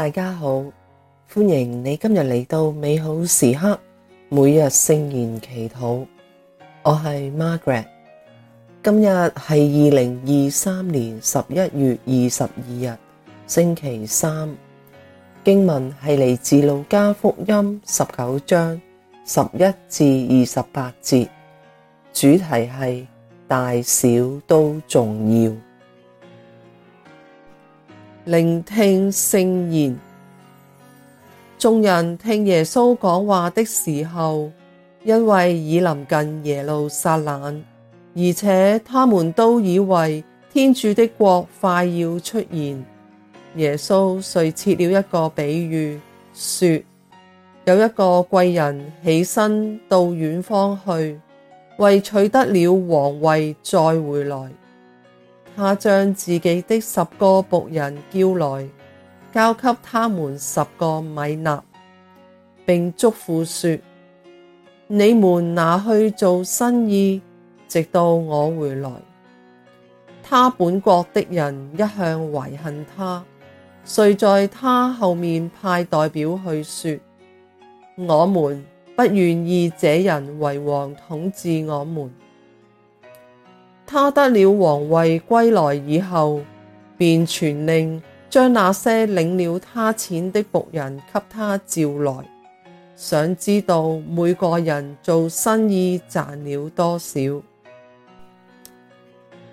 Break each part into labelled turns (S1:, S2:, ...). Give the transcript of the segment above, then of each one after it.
S1: 大家好，歡迎你今日嚟到美好時刻。每日聖言祈禱。我係 Margaret，今日係二零二三年十一月二十二日，星期三。經文係嚟自路加福音十九章十一至二十八節，主題係大小都重要。聆聽聖言，眾人聽耶穌講話的時候，因為已臨近耶路撒冷，而且他們都以為天主的國快要出現。耶穌遂設了一個比喻，說：有一個貴人起身到遠方去，為取得了王位再回來。他將自己的十個僕人叫來，交給他們十個米納，並囑咐說：你們拿去做生意，直到我回來。他本國的人一向懷恨他，遂在他後面派代表去說：我們不願意這人為王統治我們。他得了王位歸來以後，便傳令將那些領了他錢的僕人給他召來，想知道每個人做生意賺了多少。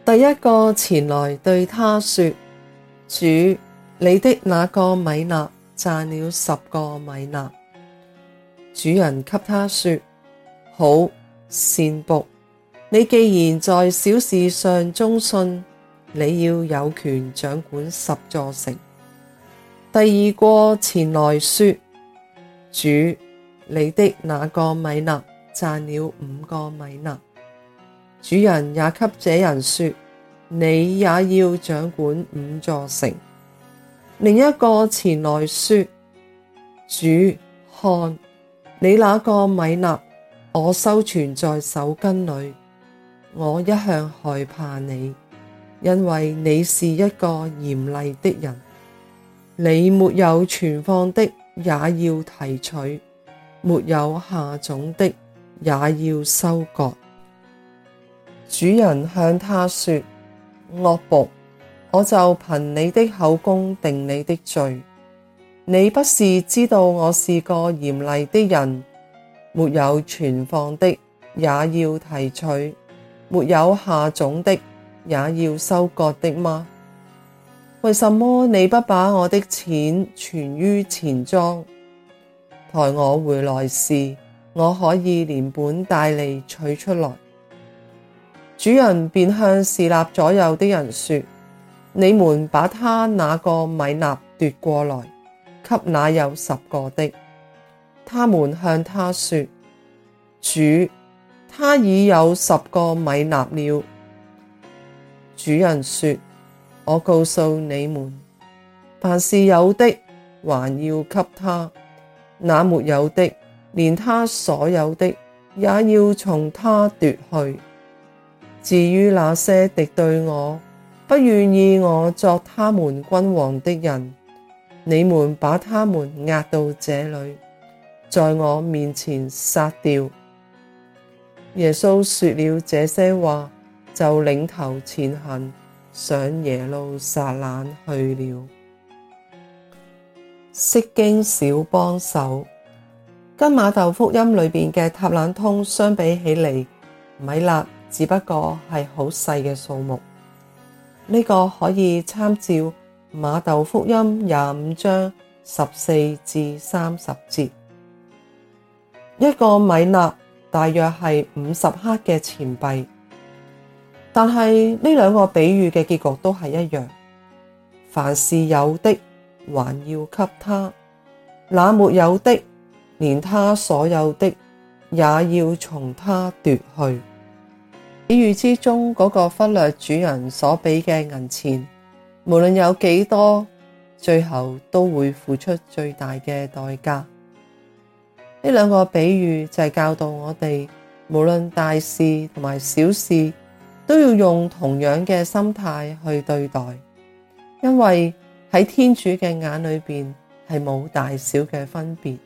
S1: 第一個前來對他說：主，你的那個米納賺了十個米納。主人給他說：好，善僕。你既然在小事上忠信，你要有權掌管十座城。第二個前來說：主，你的那個米納賺了五個米納。主人也給這人說：你也要掌管五座城。另一個前來說：主，看你那個米納，我收存在手巾裏。我一向害怕你，因為你是一個嚴厲的人。你沒有存放的，也要提取，沒有下種的，也要收割。主人向他說：惡僕，我就憑你的口供定你的罪。你不是知道我是個嚴厲的人，沒有存放的，也要提取。沒有下種的也要收割的嗎？為什麼你不把我的錢存於錢莊，迨我回來時，我可以連本帶利取出來？主人便向侍立左右的人說：你們把他那個米納奪過來，給那有十個的。他們向他說：主。他已有十個米納了，主人說：我告訴你們，凡是有的，還要給他；那沒有的，連他所有的，也要從他奪去。至於那些敵對我，不願意我作他們君王的人，你們把他們壓到這裏，在我面前殺掉。耶穌說了這些話，就領頭前行，上耶路撒冷去了。釋經小幫手，跟馬竇福音裏邊嘅塔冷通相比起嚟，米納只不過係好細嘅數目。呢個可以參照馬竇福音廿五章十四至三十節。一個米納。大約係五十克嘅錢幣，但係呢兩個比喻嘅結局都係一樣。凡是有的，還要給他；那沒有的，連他所有的，也要從他奪去。比喻之中嗰個忽略主人所俾嘅銀錢，無論有幾多，最後都會付出最大嘅代價。呢兩個比喻就係教導我哋，無論大事同埋小事，都要用同樣嘅心態去對待，因為喺天主嘅眼裏邊係冇大小嘅分別，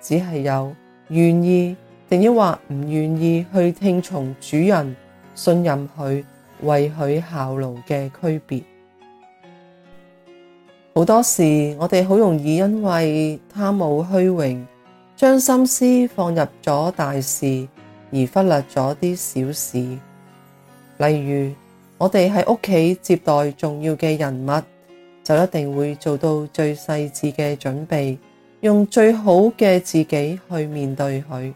S1: 只係有願意定抑或唔願意去聽從主人，信任佢為佢效勞嘅區別。好多時我哋好容易因為貪慕虛榮。將心思放入咗大事，而忽略咗啲小事。例如，我哋喺屋企接待重要嘅人物，就一定會做到最細緻嘅準備，用最好嘅自己去面對佢。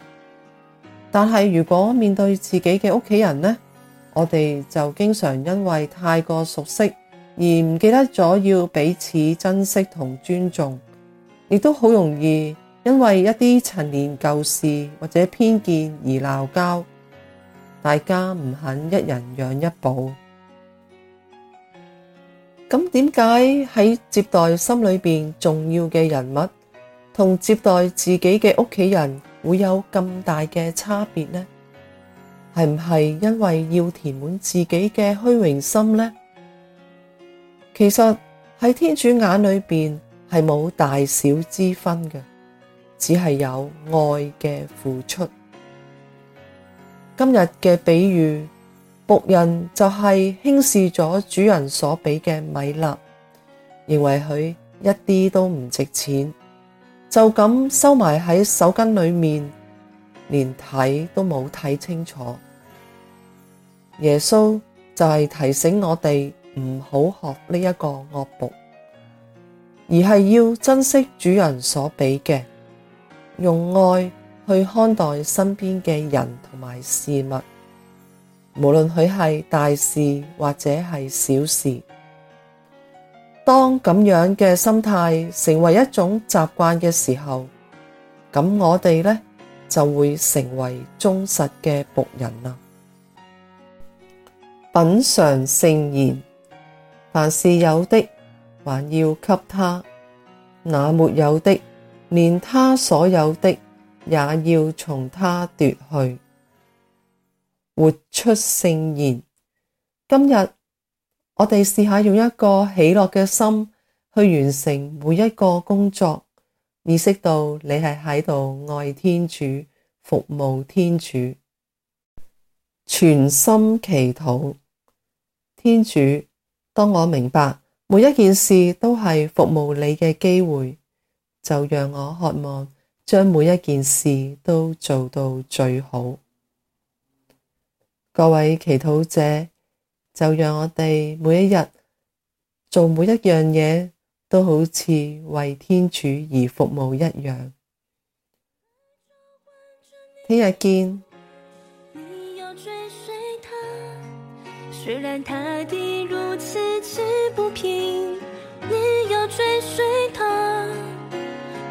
S1: 但係如果面對自己嘅屋企人呢？我哋就經常因為太過熟悉而唔記得咗要彼此珍惜同尊重，亦都好容易。因為一啲陳年舊事或者偏見而鬧交，大家唔肯一人讓一步。咁點解喺接待心裏邊重要嘅人物同接待自己嘅屋企人會有咁大嘅差別呢？係唔係因為要填滿自己嘅虛榮心呢？其實喺天主眼裏邊係冇大小之分嘅。只係有愛嘅付出。今日嘅比喻，僕人就係輕視咗主人所俾嘅米納，認為佢一啲都唔值錢，就咁收埋喺手巾裏面，連睇都冇睇清楚。耶穌就係提醒我哋唔好學呢一個惡僕，而係要珍惜主人所俾嘅。用愛去看待身邊嘅人同埋事物，無論佢係大事或者係小事。當咁樣嘅心態成為一種習慣嘅時候，咁我哋呢就會成為忠實嘅僕人啦。品嘗聖言，凡是有的，還要給他；那沒有的，連他所有的，也要從他奪去，活出聖言。今日我哋試下用一個喜樂嘅心去完成每一個工作，意識到你係喺度愛天主、服務天主，全心祈禱。天主，當我明白每一件事都係服務你嘅機會。就讓我渴望將每一件事都做到最好，各位祈禱者，就讓我哋每一日做每一樣嘢都好似為天主而服務一樣。聽日見。